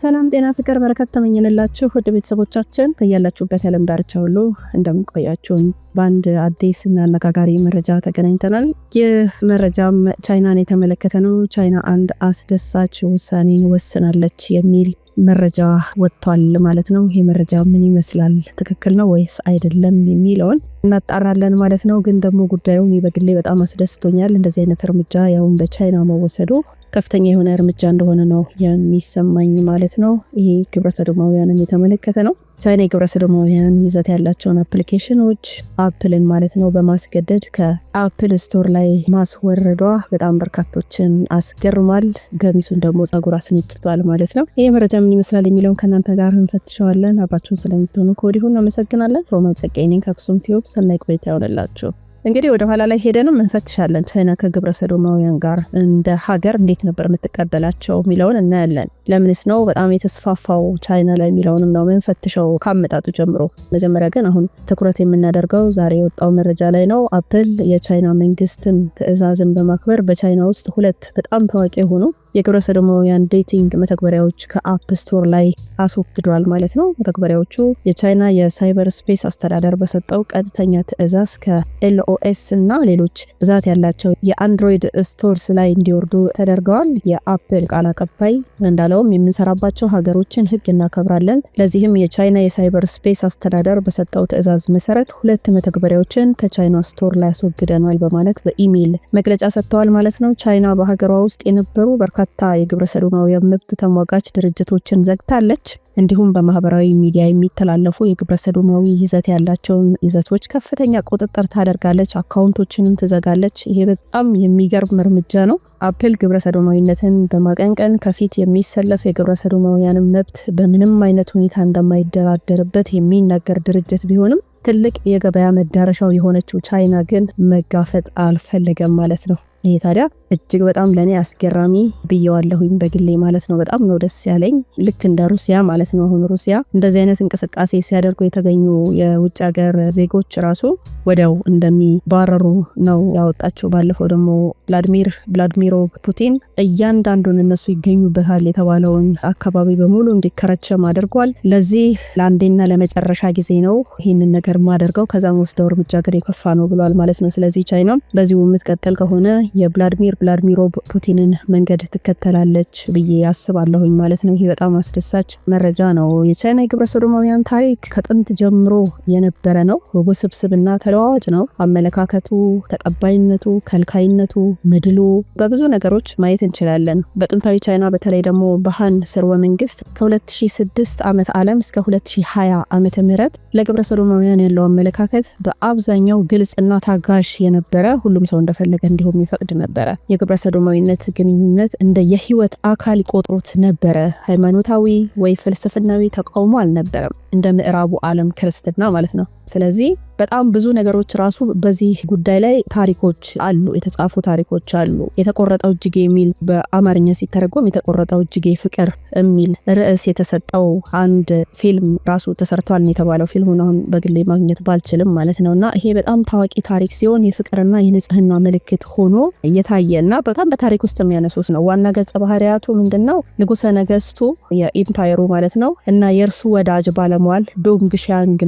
ሰላም ጤና ፍቅር በረከት ተመኘንላችሁ ውድ ቤተሰቦቻችን ከያላችሁበት የዓለም ዳርቻ ሁሉ እንደምንቆያችሁን በአንድ አዲስ እና አነጋጋሪ መረጃ ተገናኝተናል። ይህ መረጃም ቻይናን የተመለከተ ነው። ቻይና አንድ አስደሳች ውሳኔን ወስናለች የሚል መረጃ ወጥቷል ማለት ነው። ይህ መረጃ ምን ይመስላል? ትክክል ነው ወይስ አይደለም የሚለውን እናጣራለን ማለት ነው። ግን ደግሞ ጉዳዩ በግሌ በጣም አስደስቶኛል። እንደዚህ አይነት እርምጃ ያሁን በቻይና መወሰዱ ከፍተኛ የሆነ እርምጃ እንደሆነ ነው የሚሰማኝ ማለት ነው። ይህ ግብረ ሰዶማውያንን የተመለከተ ነው። ቻይና የግብረ ሰዶማውያን ይዘት ያላቸውን አፕሊኬሽኖች አፕልን ማለት ነው በማስገደድ ከአፕል ስቶር ላይ ማስወረዷ በጣም በርካቶችን አስገርማል። ገሚሱን ደግሞ ጸጉር አስነጭቷል ማለት ነው። ይህ መረጃ ምን ይመስላል የሚለውን ከእናንተ ጋር እንፈትሸዋለን። አብራችሁን ስለምትሆኑ ከወዲሁ እናመሰግናለን። ሮማን ጸጋዬ ነኝ ከአክሱም ቲዩብ። ሰናይ ቆይታ ይሆንላችሁ። እንግዲህ ወደ ኋላ ላይ ሄደንም እንፈትሻለን። ቻይና ከግብረ ሰዶማውያን ጋር እንደ ሀገር እንዴት ነበር የምትቀበላቸው የሚለውን እናያለን። ለምንስ ነው በጣም የተስፋፋው ቻይና ላይ የሚለውንም ነው ምንፈትሸው ካመጣጡ ጀምሮ። መጀመሪያ ግን አሁን ትኩረት የምናደርገው ዛሬ የወጣው መረጃ ላይ ነው። አፕል የቻይና መንግስትን ትዕዛዝን በማክበር በቻይና ውስጥ ሁለት በጣም ታዋቂ የሆኑ የግብረ ሰዶማውያን ዴቲንግ መተግበሪያዎች ከአፕ ስቶር ላይ አስወግዷል ማለት ነው። መተግበሪያዎቹ የቻይና የሳይበር ስፔስ አስተዳደር በሰጠው ቀጥተኛ ትዕዛዝ ከኤልኦኤስ እና ሌሎች ብዛት ያላቸው የአንድሮይድ ስቶርስ ላይ እንዲወርዱ ተደርገዋል። የአፕል ቃል አቀባይ እንዳለውም የምንሰራባቸው ሀገሮችን ህግ እናከብራለን። ለዚህም የቻይና የሳይበር ስፔስ አስተዳደር በሰጠው ትዕዛዝ መሰረት ሁለት መተግበሪያዎችን ከቻይና ስቶር ላይ አስወግደናል በማለት በኢሜይል መግለጫ ሰጥተዋል ማለት ነው። ቻይና በሀገሯ ውስጥ የነበሩ በርካታ የግብረ ሰዶማዊ መብት ተሟጋች ድርጅቶችን ዘግታለች። እንዲሁም በማህበራዊ ሚዲያ የሚተላለፉ የግብረ ሰዶማዊ ይዘት ያላቸውን ይዘቶች ከፍተኛ ቁጥጥር ታደርጋለች፣ አካውንቶችንም ትዘጋለች። ይሄ በጣም የሚገርም እርምጃ ነው። አፕል ግብረ ሰዶማዊነትን በማቀንቀን ከፊት የሚሰለፍ የግብረ ሰዶማውያን መብት በምንም አይነት ሁኔታ እንደማይደራደርበት የሚናገር ድርጅት ቢሆንም ትልቅ የገበያ መዳረሻው የሆነችው ቻይና ግን መጋፈጥ አልፈለገም ማለት ነው። ይህ ታዲያ እጅግ በጣም ለእኔ አስገራሚ ብየዋለሁኝ በግሌ ማለት ነው። በጣም ነው ደስ ያለኝ ልክ እንደ ሩሲያ ማለት ነው። አሁን ሩሲያ እንደዚህ አይነት እንቅስቃሴ ሲያደርጉ የተገኙ የውጭ ሀገር ዜጎች ራሱ ወዲያው እንደሚባረሩ ነው ያወጣቸው። ባለፈው ደግሞ ቭላድሚር ቭላድሚሮ ፑቲን እያንዳንዱን እነሱ ይገኙበታል የተባለውን አካባቢ በሙሉ እንዲከረቸም አድርጓል። ለዚህ ለአንዴና ለመጨረሻ ጊዜ ነው ይህንን ነገር ማደርገው ከዛም ወስደው እርምጃ ግን የከፋ ነው ብሏል ማለት ነው። ስለዚህ ቻይና በዚሁ የምትቀጥል ከሆነ የቭላድሚር ቭላድሚሮ ፑቲንን መንገድ ትከተላለች ብዬ አስባለሁኝ ማለት ነው። ይሄ በጣም አስደሳች መረጃ ነው። የቻይና የግብረ ሶዶማውያን ታሪክ ከጥንት ጀምሮ የነበረ ነው። ውስብስብና ተለዋዋጭ ነው። አመለካከቱ፣ ተቀባይነቱ፣ ከልካይነቱ፣ ምድሉ በብዙ ነገሮች ማየት እንችላለን። በጥንታዊ ቻይና በተለይ ደግሞ በሃን ስርወ መንግስት ከ2006 ዓመት ዓለም እስከ 2020 ዓመተ ምህረት ለግብረ ሶዶማውያን ያለው አመለካከት በአብዛኛው ግልጽና ታጋሽ የነበረ ሁሉም ሰው እንደፈለገ እንዲሁም ይፈቅድ ነበረ። የግብረ ሰዶማዊነት ግንኙነት እንደ የህይወት አካል ይቆጥሩት ነበረ። ሃይማኖታዊ ወይ ፍልስፍናዊ ተቃውሞ አልነበረም። እንደ ምዕራቡ ዓለም ክርስትና ማለት ነው። ስለዚህ በጣም ብዙ ነገሮች ራሱ በዚህ ጉዳይ ላይ ታሪኮች አሉ፣ የተጻፉ ታሪኮች አሉ። የተቆረጠው እጅጌ የሚል በአማርኛ ሲተረጎም የተቆረጠው እጅጌ ፍቅር የሚል ርዕስ የተሰጠው አንድ ፊልም ራሱ ተሰርቷል የተባለው ፊልም አሁን በግሌ ማግኘት ባልችልም ማለት ነው እና ይሄ በጣም ታዋቂ ታሪክ ሲሆን የፍቅርና የንጽህና ምልክት ሆኖ እየታየ እና በጣም በታሪክ ውስጥ የሚያነሱት ነው። ዋና ገጸ ባህርያቱ ምንድን ነው? ንጉሰ ነገስቱ የኢምፓየሩ ማለት ነው እና የእርሱ ወዳጅ ባለ ለመዋል ዶንግ ሻንግ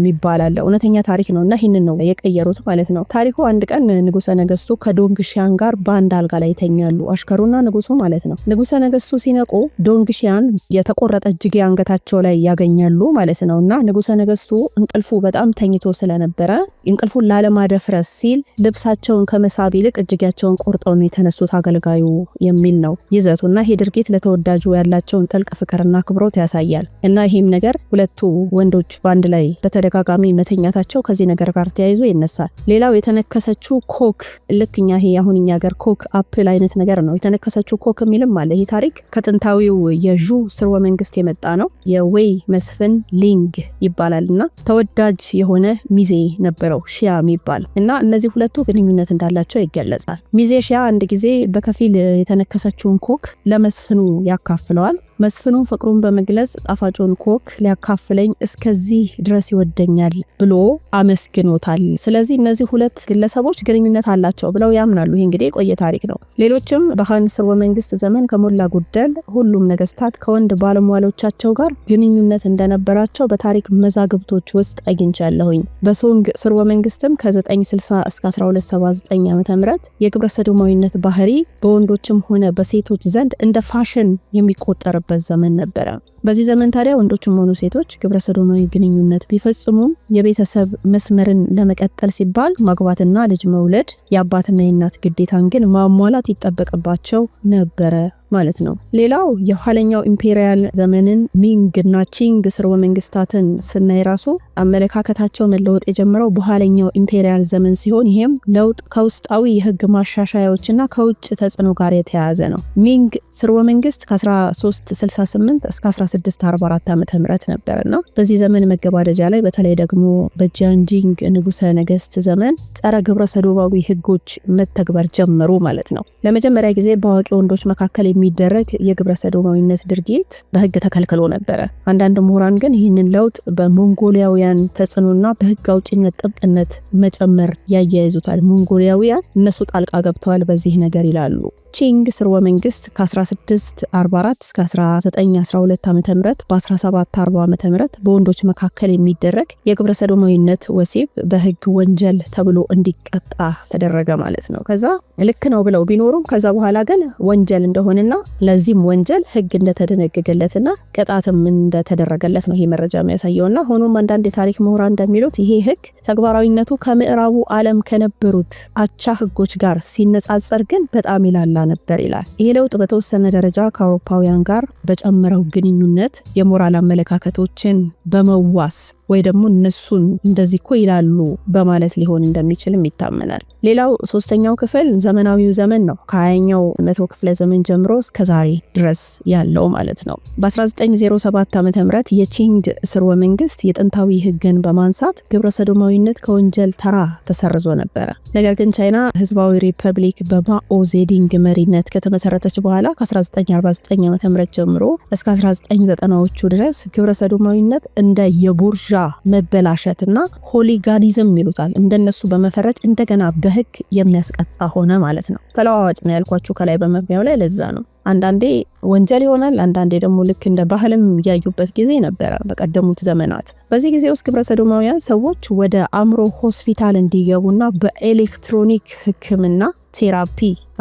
እውነተኛ ታሪክ ነው እና ይህንን ነው የቀየሩት ማለት ነው። ታሪኩ አንድ ቀን ንጉሰ ነገስቱ ከዶንግ ሻን ጋር በአንድ አልጋ ላይ ይተኛሉ፣ አሽከሩና ንጉሱ ማለት ነው። ንጉሰ ነገስቱ ሲነቁ ዶንግ ሻን የተቆረጠ እጅጌ አንገታቸው ላይ ያገኛሉ ማለት ነው እና ንጉሰ ነገስቱ እንቅልፉ በጣም ተኝቶ ስለነበረ እንቅልፉን ላለማደፍረስ ሲል ልብሳቸውን ከመሳብ ይልቅ እጅጌያቸውን ቆርጠው ነው የተነሱት አገልጋዩ የሚል ነው ይዘቱ እና ይሄ ድርጊት ለተወዳጁ ያላቸውን ጥልቅ ፍቅርና አክብሮት ያሳያል እና ይህም ነገር ሁለቱ ወንዶች በአንድ ላይ በተደጋጋሚ መተኛታቸው ከዚህ ነገር ጋር ተያይዞ ይነሳል። ሌላው የተነከሰችው ኮክ ልክኛ ይሄ አሁን እኛ ሀገር ኮክ አፕል አይነት ነገር ነው። የተነከሰችው ኮክ የሚልም አለ። ይህ ታሪክ ከጥንታዊው የዡ ስርወ መንግስት የመጣ ነው። የዌይ መስፍን ሊንግ ይባላል እና ተወዳጅ የሆነ ሚዜ ነበረው ሺያ የሚባል እና እነዚህ ሁለቱ ግንኙነት እንዳላቸው ይገለጻል። ሚዜ ሺያ አንድ ጊዜ በከፊል የተነከሰችውን ኮክ ለመስፍኑ ያካፍለዋል። መስፍኑ ፍቅሩን በመግለጽ ጣፋጩን ኮክ ሊያካፍለኝ እስከዚህ ድረስ ይወደኛል ብሎ አመስግኖታል። ስለዚህ እነዚህ ሁለት ግለሰቦች ግንኙነት አላቸው ብለው ያምናሉ። ይህ እንግዲህ የቆየ ታሪክ ነው። ሌሎችም በሀን ስርወ መንግስት ዘመን ከሞላ ጎደል ሁሉም ነገስታት ከወንድ ባለሟሎቻቸው ጋር ግንኙነት እንደነበራቸው በታሪክ መዛግብቶች ውስጥ አግኝቻለሁኝ። በሶንግ ስርወ መንግስትም ከ960 እስከ 1279 ዓ ም የግብረ ሰዶማዊነት ባህሪ በወንዶችም ሆነ በሴቶች ዘንድ እንደ ፋሽን የሚቆጠርበት ያለበት ዘመን ነበረ። በዚህ ዘመን ታዲያ ወንዶችም ሆኑ ሴቶች ግብረ ሰዶማዊ ግንኙነት ቢፈጽሙም የቤተሰብ መስመርን ለመቀጠል ሲባል ማግባትና ልጅ መውለድ የአባትና የእናት ግዴታን ግን ማሟላት ይጠበቅባቸው ነበረ ማለት ነው። ሌላው የኋለኛው ኢምፔሪያል ዘመንን ሚንግ እና ቺንግ ስርወ መንግስታትን ስናይ ራሱ አመለካከታቸው መለወጥ የጀመረው በኋለኛው ኢምፔሪያል ዘመን ሲሆን ይህም ለውጥ ከውስጣዊ የህግ ማሻሻያዎችና ከውጭ ተጽዕኖ ጋር የተያያዘ ነው። ሚንግ ስርወ መንግስት ከ1368 እስከ 1644 ዓ ም ነበር እና በዚህ ዘመን መገባደጃ ላይ በተለይ ደግሞ በጃንጂንግ ንጉሰ ነገስት ዘመን ጸረ ግብረ ሰዶባዊ ህጎች መተግበር ጀመሩ ማለት ነው። ለመጀመሪያ ጊዜ በአዋቂ ወንዶች መካከል የሚደረግ የግብረ ሰዶማዊነት ድርጊት በህግ ተከልክሎ ነበረ። አንዳንድ ምሁራን ግን ይህንን ለውጥ በሞንጎሊያውያን ተጽዕኖና በህግ አውጪነት ጥብቅነት መጨመር ያያይዙታል። ሞንጎሊያውያን እነሱ ጣልቃ ገብተዋል በዚህ ነገር ይላሉ። ቺንግ ስርወ መንግስት ከ1644 እስከ 1912 ዓ ም በ1740 ዓ ም በወንዶች መካከል የሚደረግ የግብረ ሰዶማዊነት ወሲብ በህግ ወንጀል ተብሎ እንዲቀጣ ተደረገ ማለት ነው። ከዛ ልክ ነው ብለው ቢኖሩም ከዛ በኋላ ግን ወንጀል እንደሆነና ለዚህም ወንጀል ህግ እንደተደነገገለትና ቅጣትም እንደተደረገለት ነው ይሄ መረጃ የሚያሳየውና ሆኖም አንዳንድ የታሪክ ምሁራን እንደሚሉት ይሄ ህግ ተግባራዊነቱ ከምዕራቡ ዓለም ከነበሩት አቻ ህጎች ጋር ሲነጻጸር ግን በጣም ይላል ነበር ይላል። ይሄ ለውጥ በተወሰነ ደረጃ ከአውሮፓውያን ጋር በጨመረው ግንኙነት የሞራል አመለካከቶችን በመዋስ ወይ ደግሞ እነሱን እንደዚህ እኮ ይላሉ በማለት ሊሆን እንደሚችልም ይታመናል። ሌላው ሶስተኛው ክፍል ዘመናዊው ዘመን ነው። ከሀያኛው መቶ ክፍለ ዘመን ጀምሮ እስከ ዛሬ ድረስ ያለው ማለት ነው። በ1907 ዓ ም የቺንግ ስርወ መንግስት የጥንታዊ ህግን በማንሳት ግብረ ሰዶማዊነት ከወንጀል ተራ ተሰርዞ ነበረ። ነገር ግን ቻይና ህዝባዊ ሪፐብሊክ በማኦ ዜዲንግ መሪነት ከተመሰረተች በኋላ ከ1949 ዓ ም ጀምሮ እስከ 1990ዎቹ ድረስ ግብረ ሰዶማዊነት እንደ የቡርዣ መበላሸት እና ሆሊጋኒዝም ይሉታል እንደነሱ በመፈረጅ እንደገና በህግ የሚያስቀጣ ሆነ ማለት ነው። ተለዋዋጭ ነው ያልኳችሁ ከላይ በመግቢያው ላይ ለዛ ነው። አንዳንዴ ወንጀል ይሆናል። አንዳንዴ ደግሞ ልክ እንደ ባህልም ያዩበት ጊዜ ነበረ በቀደሙት ዘመናት። በዚህ ጊዜ ውስጥ ግብረ ሰዶማውያን ሰዎች ወደ አእምሮ ሆስፒታል እንዲገቡና በኤሌክትሮኒክ ህክምና ቴራፒ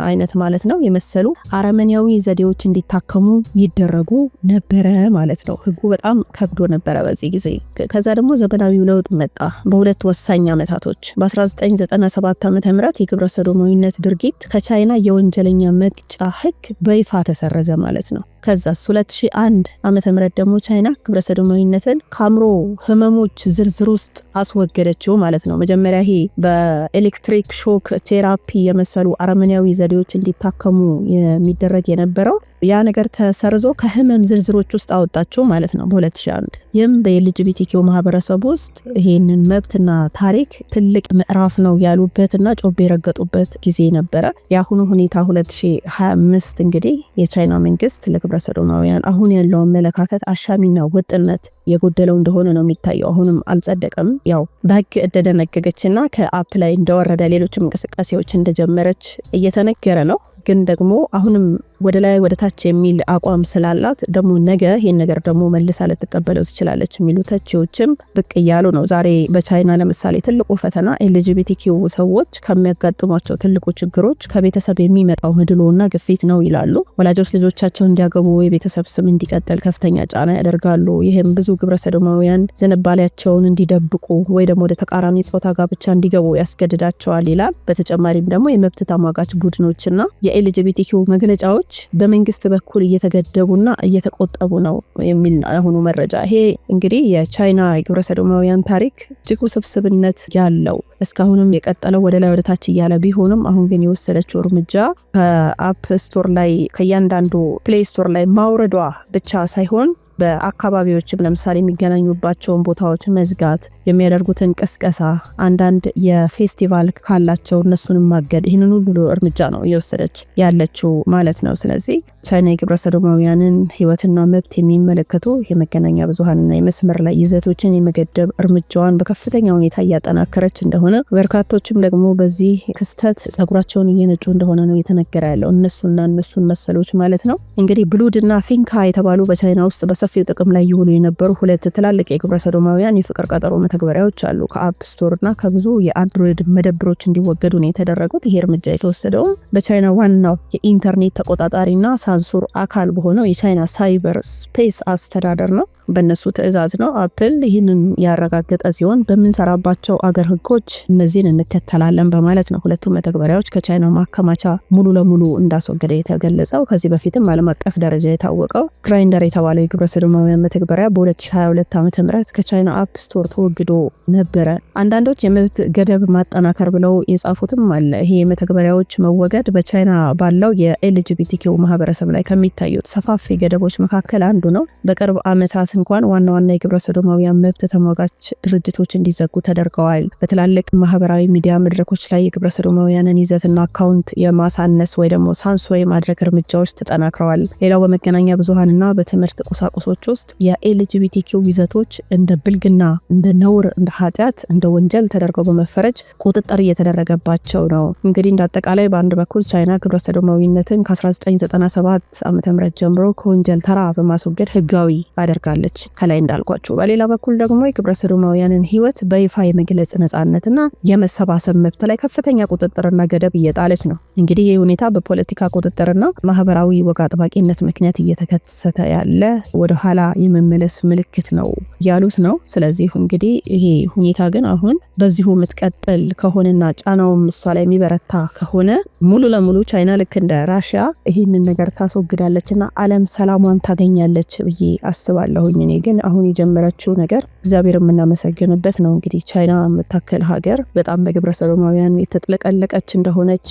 አይነት ማለት ነው የመሰሉ አረመኔያዊ ዘዴዎች እንዲታከሙ ይደረጉ ነበረ ማለት ነው። ህጉ በጣም ከብዶ ነበረ በዚህ ጊዜ። ከዛ ደግሞ ዘመናዊው ለውጥ መጣ በሁለት ወሳኝ ዓመታቶች በ1997 ዓ ም የግብረ ሰዶማዊነት ድርጊት ከቻይና የወንጀለኛ መቅጫ ህግ በይፋ ተሰረዘ ማለት ነው። ከዛስ 2001 ዓ ም ደግሞ ቻይና ግብረ ሰዶማዊነትን ከአእምሮ ህመሞች ዝርዝር ውስጥ አስወገደችው ማለት ነው። መጀመሪያ ይሄ በኤሌክትሪክ ሾክ ቴራፒ የመሰሉ አረመኔያዊ ዘ ዘዴዎች እንዲታከሙ የሚደረግ የነበረው ያ ነገር ተሰርዞ ከህመም ዝርዝሮች ውስጥ አወጣቸው ማለት ነው በ2001። ይህም በኤልጂቢቲኪው ማህበረሰብ ውስጥ ይህንን መብትና ታሪክ ትልቅ ምዕራፍ ነው ያሉበትና ጮቤ የረገጡበት ጊዜ ነበረ። የአሁኑ ሁኔታ 2025 እንግዲህ የቻይና መንግስት ለግብረ ሰዶማውያን አሁን ያለው አመለካከት አሻሚና ወጥነት የጎደለው እንደሆነ ነው የሚታየው። አሁንም አልጸደቀም። ያው በህግ እንደደነገገችና ከአፕ ላይ እንደወረደ ሌሎችም እንቅስቃሴዎች እንደጀመረች እየተነገረ ነው ግን ደግሞ አሁንም ወደ ላይ ወደ ታች የሚል አቋም ስላላት ደግሞ ነገ ይህን ነገር ደግሞ መልሳ ልትቀበለው ትችላለች የሚሉ ተቺዎችም ብቅ እያሉ ነው። ዛሬ በቻይና ለምሳሌ ትልቁ ፈተና ኤልጂቢቲኪዩ ሰዎች ከሚያጋጥሟቸው ትልቁ ችግሮች ከቤተሰብ የሚመጣው ምድሎና ግፊት ነው ይላሉ። ወላጆች ልጆቻቸው እንዲያገቡ የቤተሰብ ስም እንዲቀጥል ከፍተኛ ጫና ያደርጋሉ። ይህም ብዙ ሰዶማውያን ዝንባሌያቸውን እንዲደብቁ ወይ ደግሞ ወደ ተቃራኒ ጾታ ጋብቻ እንዲገቡ ያስገድዳቸዋል ይላል። በተጨማሪም ደግሞ የመብት ተሟጋች ቡድኖችና የኤልጂቢቲኪዩ መግለጫዎች ሰዎች በመንግስት በኩል እየተገደቡና እየተቆጠቡ ነው የሚል አሁኑ መረጃ። ይሄ እንግዲህ የቻይና ግብረ ሰዶማውያን ታሪክ እጅግ ውስብስብነት ያለው እስካሁንም የቀጠለው ወደ ላይ ወደታች እያለ ቢሆንም አሁን ግን የወሰደችው እርምጃ ከአፕ ስቶር ላይ ከእያንዳንዱ ፕሌይ ስቶር ላይ ማውረዷ ብቻ ሳይሆን በአካባቢዎችም ለምሳሌ የሚገናኙባቸውን ቦታዎች መዝጋት፣ የሚያደርጉትን ቅስቀሳ፣ አንዳንድ የፌስቲቫል ካላቸው እነሱንም ማገድ፣ ይህንን ሁሉ እርምጃ ነው እየወሰደች ያለችው ማለት ነው። ስለዚህ ቻይና የግብረ ሰዶማውያንን ሕይወትና መብት የሚመለከቱ የመገናኛ ብዙሀንና የመስመር ላይ ይዘቶችን የመገደብ እርምጃዋን በከፍተኛ ሁኔታ እያጠናከረች እንደሆነ እንደሆነ በርካቶችም ደግሞ በዚህ ክስተት ጸጉራቸውን እየነጩ እንደሆነ ነው የተነገረ ያለው እነሱና እነሱን መሰሎች ማለት ነው። እንግዲህ ብሉድ እና ፊንካ የተባሉ በቻይና ውስጥ በሰፊው ጥቅም ላይ ይውሉ የነበሩ ሁለት ትላልቅ የግብረ ሰዶማውያን የፍቅር ቀጠሮ መተግበሪያዎች አሉ። ከአፕ እና ከብዙ የአንድሮይድ መደብሮች እንዲወገዱ ነው የተደረጉት። ይሄ እርምጃ የተወሰደውም በቻይና ዋናው የኢንተርኔት ተቆጣጣሪና ሳንሱር አካል በሆነው የቻይና ሳይበር ስፔስ አስተዳደር ነው። በእነሱ ትዕዛዝ ነው። አፕል ይህንን ያረጋገጠ ሲሆን በምንሰራባቸው አገር ህጎች እነዚህን እንከተላለን በማለት ነው ሁለቱም መተግበሪያዎች ከቻይና ማከማቻ ሙሉ ለሙሉ እንዳስወገደ የተገለጸው። ከዚህ በፊትም ዓለም አቀፍ ደረጃ የታወቀው ግራይንደር የተባለው የግብረ ሰዶማውያን መተግበሪያ በ2022 ዓ ም ከቻይና አፕ ስቶር ተወግዶ ነበረ። አንዳንዶች የመብት ገደብ ማጠናከር ብለው የጻፉትም አለ። ይሄ የመተግበሪያዎች መወገድ በቻይና ባለው የኤልጂቢቲኪው ማህበረሰብ ላይ ከሚታዩት ሰፋፊ ገደቦች መካከል አንዱ ነው። በቅርብ ዓመታት እንኳን ዋና ዋና የግብረ ሰዶማውያን መብት ተሟጋች ድርጅቶች እንዲዘጉ ተደርገዋል። በትላልቅ ማህበራዊ ሚዲያ መድረኮች ላይ የግብረ ሰዶማውያንን ይዘትና አካውንት የማሳነስ ወይ ደግሞ ወይ ማድረግ እርምጃዎች ተጠናክረዋል። ሌላው በመገናኛ ብዙሀንና በትምህርት ቁሳቁሶች ውስጥ የኤልጂቢቲኪው ይዘቶች እንደ ብልግና፣ እንደ ነውር፣ እንደ ኃጢአት፣ እንደ ወንጀል ተደርገው በመፈረጅ ቁጥጥር እየተደረገባቸው ነው። እንግዲህ እንደ አጠቃላይ በአንድ በኩል ቻይና ግብረ ሰዶማዊነትን ከ1997 ዓ ም ጀምሮ ከወንጀል ተራ በማስወገድ ህጋዊ አደርጋለች። ትችላለች። ከላይ እንዳልኳቸው በሌላ በኩል ደግሞ የግብረ ሰዶማውያንን ህይወት በይፋ የመግለጽ ነጻነትና የመሰባሰብ መብት ላይ ከፍተኛ ቁጥጥርና ገደብ እየጣለች ነው። እንግዲህ ይህ ሁኔታ በፖለቲካ ቁጥጥርና ማህበራዊ ወግ አጥባቂነት ምክንያት እየተከሰተ ያለ ወደኋላ የመመለስ ምልክት ነው ያሉት ነው። ስለዚህ እንግዲህ ይሄ ሁኔታ ግን አሁን በዚሁ የምትቀጥል ከሆነና ጫናውም እሷ ላይ የሚበረታ ከሆነ ሙሉ ለሙሉ ቻይና ልክ እንደ ራሽያ ይህንን ነገር ታስወግዳለች እና ዓለም ሰላሟን ታገኛለች ብዬ አስባለሁኝ። እኔ ግን አሁን የጀመረችው ነገር እግዚአብሔር የምናመሰግንበት ነው። እንግዲህ ቻይና የምታክል ሀገር በጣም በግብረ ሰዶማውያን የተጥለቀለቀች እንደሆነች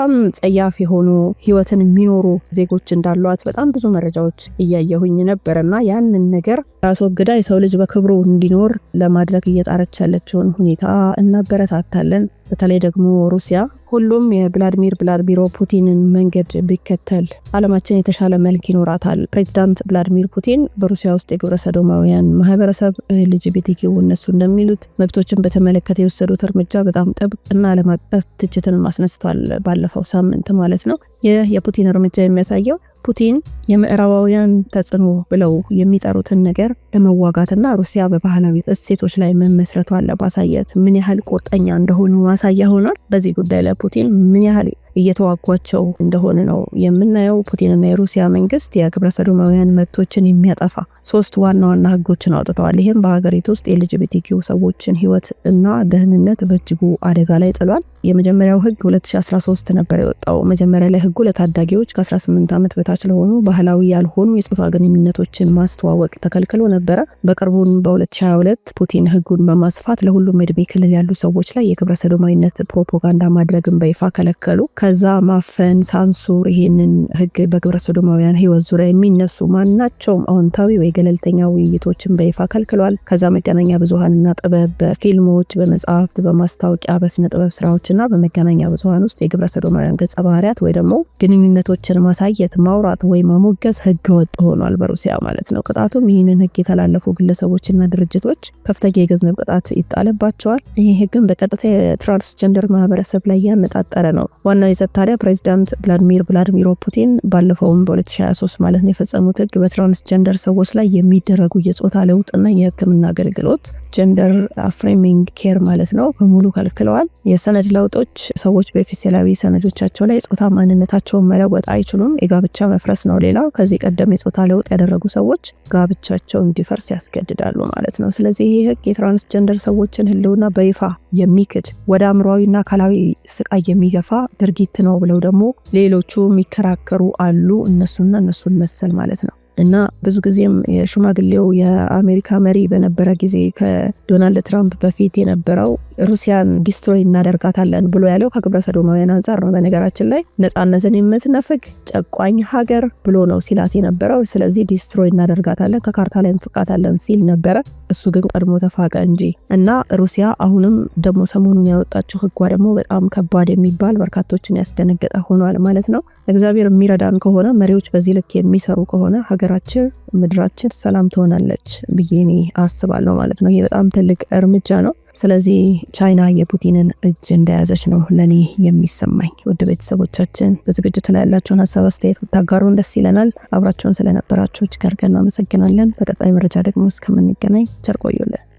በጣም ጸያፍ የሆኑ ህይወትን የሚኖሩ ዜጎች እንዳሏት በጣም ብዙ መረጃዎች እያየሁኝ ነበር እና ያንን ነገር አስወግዳ የሰው ልጅ በክብሩ እንዲኖር ለማድረግ እየጣረች ያለችውን ሁኔታ እናበረታታለን። በተለይ ደግሞ ሩሲያ ሁሉም የቭላዲሚር ቭላዲሚሮ ፑቲንን መንገድ ቢከተል አለማችን የተሻለ መልክ ይኖራታል። ፕሬዚዳንት ቭላዲሚር ፑቲን በሩሲያ ውስጥ የግብረ ሰዶማውያን ማህበረሰብ ኤልጂቢቲኪው እነሱ እንደሚሉት መብቶችን በተመለከተ የወሰዱት እርምጃ በጣም ጥብቅ እና አለም አቀፍ ትችትን አስነስቷል። ባለፈው ሳምንት ማለት ነው። ይህ የፑቲን እርምጃ የሚያሳየው ፑቲን የምዕራባውያን ተጽዕኖ ብለው የሚጠሩትን ነገር ለመዋጋትና ሩሲያ በባህላዊ እሴቶች ላይ መመስረቷን ለማሳየት ምን ያህል ቁርጠኛ እንደሆኑ ማሳያ ሆኗል። በዚህ ጉዳይ ላይ ፑቲን ምን ያህል እየተዋጓቸው እንደሆነ ነው የምናየው። ፑቲንና የሩሲያ መንግስት የግብረ ሰዶማውያን መብቶችን የሚያጠፋ ሶስት ዋና ዋና ህጎችን አውጥተዋል። ይህም በሀገሪቱ ውስጥ የኤልጂቢቲኪው ሰዎችን ህይወት እና ደህንነት በእጅጉ አደጋ ላይ ጥሏል። የመጀመሪያው ህግ 2013 ነበር የወጣው። መጀመሪያ ላይ ህጉ ለታዳጊዎች ከ18 ዓመት በታች ለሆኑ ባህላዊ ያልሆኑ የጾታ ግንኙነቶችን ማስተዋወቅ ተከልክሎ ነበረ። በቅርቡን በ2022 ፑቲን ህጉን በማስፋት ለሁሉም እድሜ ክልል ያሉ ሰዎች ላይ የግብረ ሰዶማዊነት ፕሮፓጋንዳ ማድረግን በይፋ ከለከሉ። ከ ከዛ ማፈን ሳንሱር ይሄንን ህግ በግብረ ሶዶማውያን ህይወት ዙሪያ የሚነሱ ማናቸውም አዎንታዊ ወይ ገለልተኛ ውይይቶችን በይፋ ከልክሏል። ከዛ መገናኛ ብዙሀንና ጥበብ በፊልሞች፣ በመጽሐፍት፣ በማስታወቂያ፣ በስነ ጥበብ ስራዎችና በመገናኛ ብዙሀን ውስጥ የግብረ ሶዶማውያን ገጸ ባህሪያት ወይ ደግሞ ግንኙነቶችን ማሳየት፣ ማውራት ወይ መሞገዝ ህገ ወጥ ሆኗል በሩሲያ ማለት ነው። ቅጣቱም ይህንን ህግ የተላለፉ ግለሰቦችና ድርጅቶች ከፍተኛ የገንዘብ ቅጣት ይጣልባቸዋል። ይህ ህግም በቀጥታ የትራንስጀንደር ማህበረሰብ ላይ ያነጣጠረ ነው። ዋና ይዘት ታዲያ ፕሬዚዳንት ቭላዲሚር ቭላዲሚሮ ፑቲን ባለፈውም በ2023 ማለት ነው የፈጸሙት ህግ በትራንስጀንደር ሰዎች ላይ የሚደረጉ የጾታ ለውጥና የህክምና አገልግሎት ጀንደር አፍሬሚንግ ኬር ማለት ነው በሙሉ ከልክለዋል። የሰነድ ለውጦች ሰዎች በኦፊሴላዊ ሰነዶቻቸው ላይ ጾታ ማንነታቸውን መለወጥ አይችሉም። የጋብቻ መፍረስ ነው ሌላው። ከዚህ ቀደም የጾታ ለውጥ ያደረጉ ሰዎች ጋብቻቸው እንዲፈርስ ያስገድዳሉ ማለት ነው። ስለዚህ ይህ ህግ የትራንስጀንደር ሰዎችን ህልውና በይፋ የሚክድ ወደ አእምሯዊና አካላዊ ስቃይ የሚገፋ ድርጊት ነው ብለው ደግሞ ሌሎቹ የሚከራከሩ አሉ እነሱና እነሱን መሰል ማለት ነው። እና ብዙ ጊዜም የሽማግሌው የአሜሪካ መሪ በነበረ ጊዜ ከዶናልድ ትራምፕ በፊት የነበረው ሩሲያን ዲስትሮይ እናደርጋታለን ብሎ ያለው ከግብረ ሰዶማውያን አንጻር ነው። በነገራችን ላይ ነጻነትን የምትነፍግ ጨቋኝ ሀገር ብሎ ነው ሲላት የነበረው። ስለዚህ ዲስትሮይ እናደርጋታለን ከካርታ ላይ እንፍቃታለን ሲል ነበረ። እሱ ግን ቀድሞ ተፋቀ እንጂ እና ሩሲያ አሁንም ደግሞ ሰሞኑን ያወጣችው ህጓ ደግሞ በጣም ከባድ የሚባል በርካቶችን ያስደነገጠ ሆኗል ማለት ነው። እግዚአብሔር የሚረዳን ከሆነ መሪዎች በዚህ ልክ የሚሰሩ ከሆነ ሀገራችን ምድራችን ሰላም ትሆናለች ብዬ እኔ አስባለሁ ማለት ነው። ይህ በጣም ትልቅ እርምጃ ነው። ስለዚህ ቻይና የፑቲንን እጅ እንደያዘች ነው ለኔ የሚሰማኝ። ውድ ቤተሰቦቻችን በዝግጅቱ ላይ ያላችሁን ሀሳብ አስተያየት ብታጋሩን ደስ ይለናል። አብራችሁን ስለነበራችሁ እጅግ አድርገን እናመሰግናለን። በቀጣይ መረጃ ደግሞ እስከምንገናኝ ቸር ቆዩልን።